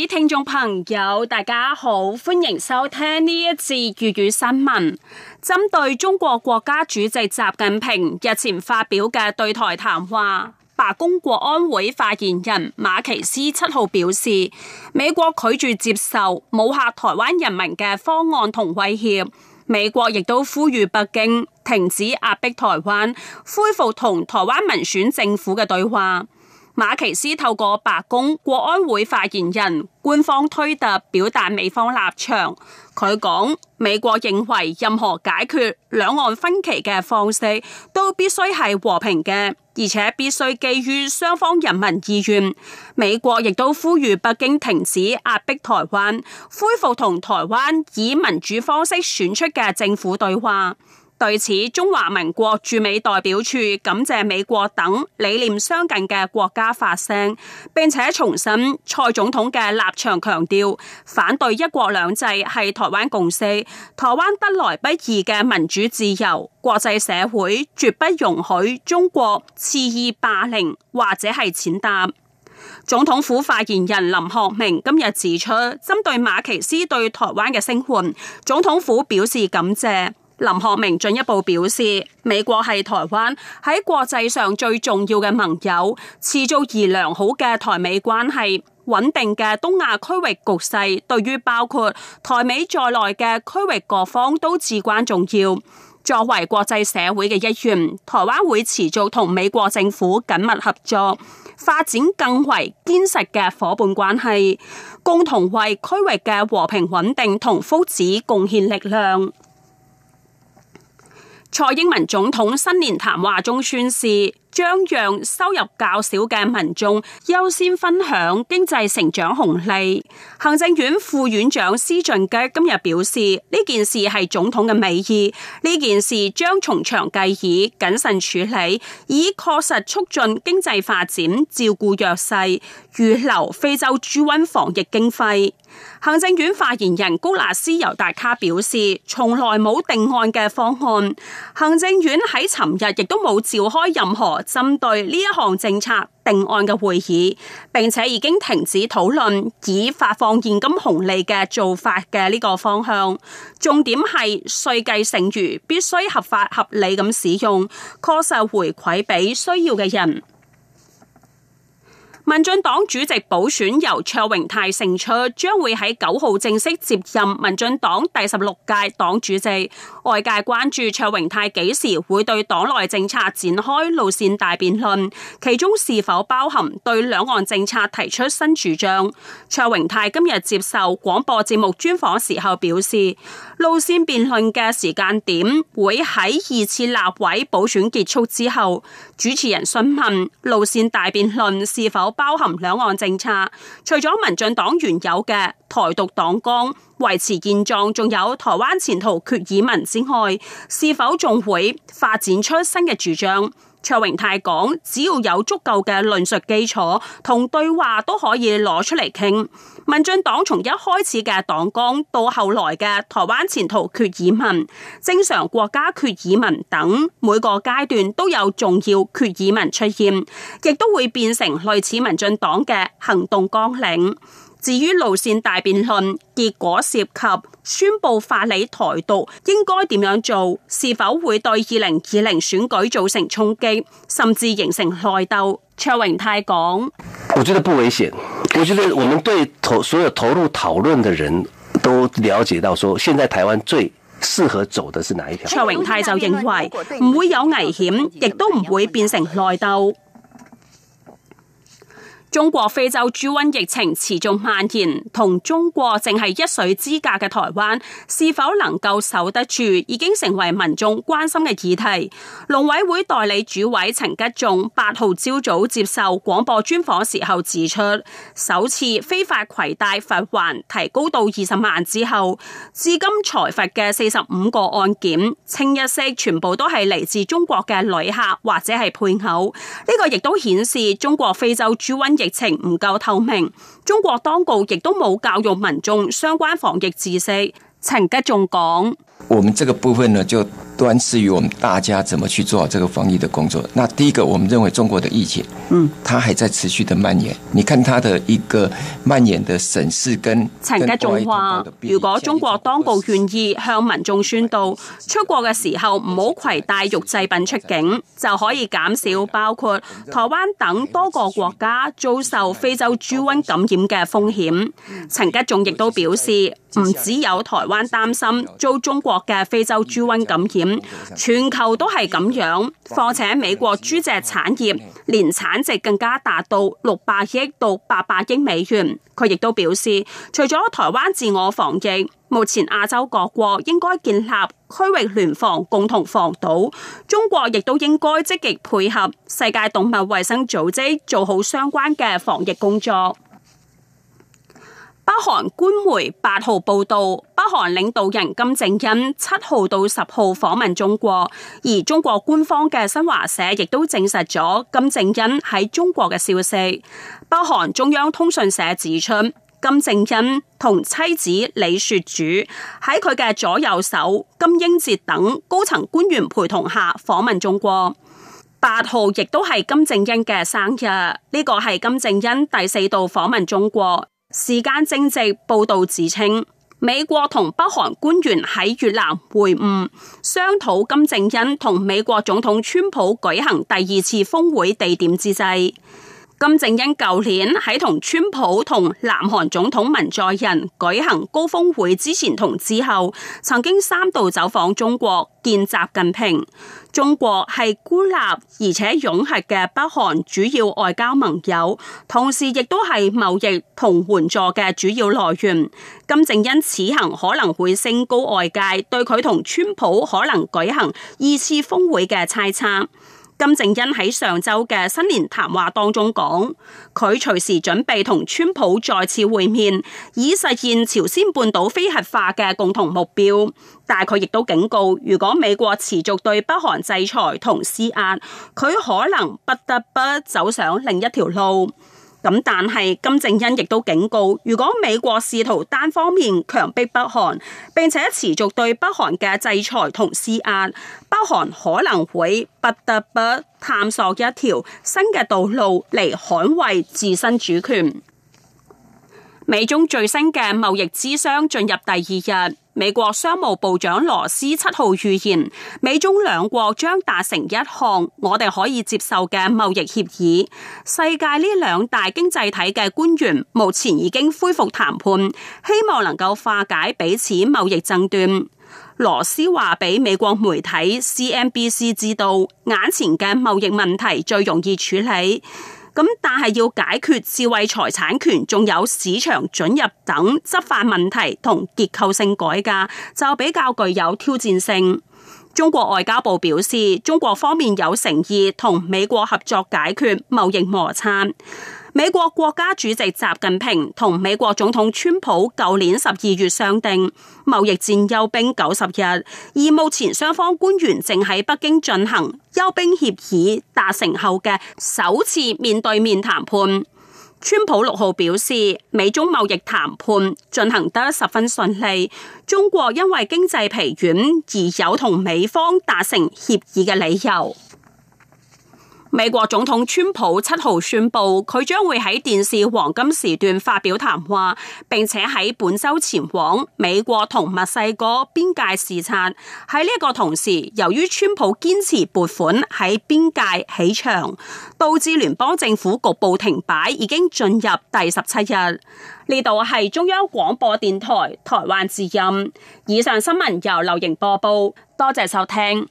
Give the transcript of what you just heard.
各位聽眾朋友，大家好，歡迎收聽呢一次粵語新聞。針對中國國家主席習近平日前發表嘅對台談話，白宮國安會發言人馬奇斯七號表示，美國拒絕接受武嚇台灣人民嘅方案同威脅。美國亦都呼籲北京停止壓迫台灣，恢復同台灣民選政府嘅對話。馬其斯透過白宮國安會發言人官方推特表達美方立場。佢講，美國認為任何解決兩岸分歧嘅方式都必須係和平嘅，而且必須基於雙方人民意願。美國亦都呼籲北京停止壓迫台灣，恢復同台灣以民主方式選出嘅政府對話。對此，中華民國駐美代表處感謝美國等理念相近嘅國家發聲，並且重申蔡總統嘅立場強調，強調反對一國兩制係台灣共識，台灣得來不易嘅民主自由，國際社會絕不容許中國肆意霸凌或者係踐踏。總統府發言人林鶴明今日指出，針對馬其斯對台灣嘅聲援，總統府表示感謝。林學明進一步表示，美國係台灣喺國際上最重要嘅盟友，持續而良好嘅台美關係、穩定嘅東亞區域局勢，對於包括台美在內嘅區域各方都至關重要。作為國際社會嘅一員，台灣會持續同美國政府緊密合作，發展更為堅實嘅伙伴關係，共同為區域嘅和平穩定同福祉貢獻力量。蔡英文總統新年談話中宣示，將讓收入較少嘅民眾優先分享經濟成長紅利。行政院副院長施俊吉今日表示，呢件事係總統嘅美意，呢件事將從長計議，謹慎處理，以確實促進經濟發展，照顧弱勢。預留非洲豬瘟防疫經費，行政院發言人谷辣斯尤達卡表示，從來冇定案嘅方案。行政院喺尋日亦都冇召開任何針對呢一項政策定案嘅會議，並且已經停止討論以發放現金紅利嘅做法嘅呢個方向。重點係歲計剩餘必須合法合理咁使用，確實回饋俾需要嘅人。民進黨主席補選由卓榮泰勝出，將會喺九號正式接任民進黨第十六屆黨主席。外界關注卓榮泰幾時會對黨內政策展開路線大辯論，其中是否包含對兩岸政策提出新主張。卓榮泰今日接受廣播節目專訪時候表示，路線辯論嘅時間點會喺二次立委補選結束之後。主持人詢問，路線大辯論是否。包含兩岸政策，除咗民進黨原有嘅台獨黨綱、維持現狀，仲有台灣前途決議文之外，是否仲會發展出新嘅主張？卓榮泰講，只要有足夠嘅論述基礎同對話，都可以攞出嚟傾。民進黨從一開始嘅黨綱，到後來嘅台灣前途決議文，正常國家決議文等，每個階段都有重要決議文出現，亦都會變成類似民進黨嘅行動綱領。至於路線大辯論結果涉及宣佈法理台獨，應該點樣做？是否會對二零二零選舉造成衝擊，甚至形成內鬥？卓榮泰講：我覺得不危險。我覺得我們對所有投入討論的人都了解到，說現在台灣最適合走的是哪一條？卓榮泰就認為唔會有危險，亦都唔會變成內鬥。中國非洲豬瘟疫情持續蔓延，同中國淨係一水之隔嘅台灣，是否能夠守得住，已經成為民眾關心嘅議題。農委會代理主委陳吉仲八號朝早接受廣播專訪時候指出，首次非法携帶罰鍰提高到二十萬之後，至今裁罰嘅四十五個案件，清一色全部都係嚟自中國嘅旅客或者係配偶。呢個亦都顯示中國非洲豬瘟。疫情唔夠透明，中國當局亦都冇教育民眾相關防疫知識。陳吉仲講：我們這個部分呢就。端視於我們大家怎麼去做好這個防疫的工作。那第一個，我們認為中國的疫情，嗯，它還在持續的蔓延。你看它的一個蔓延的省市跟陳吉仲話，如果中國當局願意向民眾宣導，出國嘅時候唔好携帶肉製品出境，就可以減少包括台灣等多個國家遭受非洲豬瘟感染嘅風險。陳吉仲亦都表示，唔只有台灣擔心遭中國嘅非洲豬瘟感染。全球都係咁樣，況且美國豬隻產業年產值更加達到六百億到八百億美元。佢亦都表示，除咗台灣自我防疫，目前亞洲各國應該建立區域聯防，共同防堵。中國亦都應該積極配合世界動物衛生組織，做好相關嘅防疫工作。北韓官媒八號報道，北韓領導人金正恩七號到十號訪問中國，而中國官方嘅新華社亦都證實咗金正恩喺中國嘅消息。北韓中央通訊社指出，金正恩同妻子李雪主喺佢嘅左右手金英哲等高層官員陪同下訪問中國。八號亦都係金正恩嘅生日，呢、這個係金正恩第四度訪問中國。時間正值報道指稱，美國同北韓官員喺越南會晤，商討金正恩同美國總統川普舉行第二次峰會地點之際。金正恩舊年喺同川普同南韓總統文在寅舉行高峰會之前同之後，曾經三度走訪中國見習近平。中國係孤立而且擁核嘅北韓主要外交盟友，同時亦都係貿易同援助嘅主要來源。金正恩此行可能會升高外界對佢同川普可能舉行二次峰會嘅猜測。金正恩喺上周嘅新年談話當中講，佢隨時準備同川普再次會面，以實現朝鮮半島非核化嘅共同目標。但佢亦都警告，如果美國持續對北韓制裁同施壓，佢可能不得不走上另一條路。咁但係金正恩亦都警告，如果美國試圖單方面強迫北韓，並且持續對北韓嘅制裁同施壓，北韓可能會不得不探索一條新嘅道路嚟捍衞自身主權。美中最新嘅貿易諮商進入第二日。美國商務部長羅斯七號預言，美中兩國將達成一項我哋可以接受嘅貿易協議。世界呢兩大經濟體嘅官員目前已經恢復談判，希望能夠化解彼此貿易爭端。羅斯話俾美國媒體 CNBC 知道，眼前嘅貿易問題最容易處理。咁但係要解決智慧財產權、仲有市場准入等執法問題同結構性改革，就比較具有挑戰性。中國外交部表示，中國方面有誠意同美國合作解決貿易摩擦。美國國家主席習近平同美國總統川普舊年十二月商定貿易戰休兵九十日，而目前雙方官員正喺北京進行休兵協議達成後嘅首次面對面談判。川普六號表示，美中貿易談判進行得十分順利，中國因為經濟疲軟而有同美方達成協議嘅理由。美國總統川普七號宣布，佢將會喺電視黃金時段發表談話，並且喺本周前往美國同墨西哥邊界視察。喺呢一個同時，由於川普堅持撥款喺邊界起牆，導致聯邦政府局部停擺已經進入第十七日。呢度係中央廣播電台台灣之音。以上新聞由劉瑩播報，多謝收聽。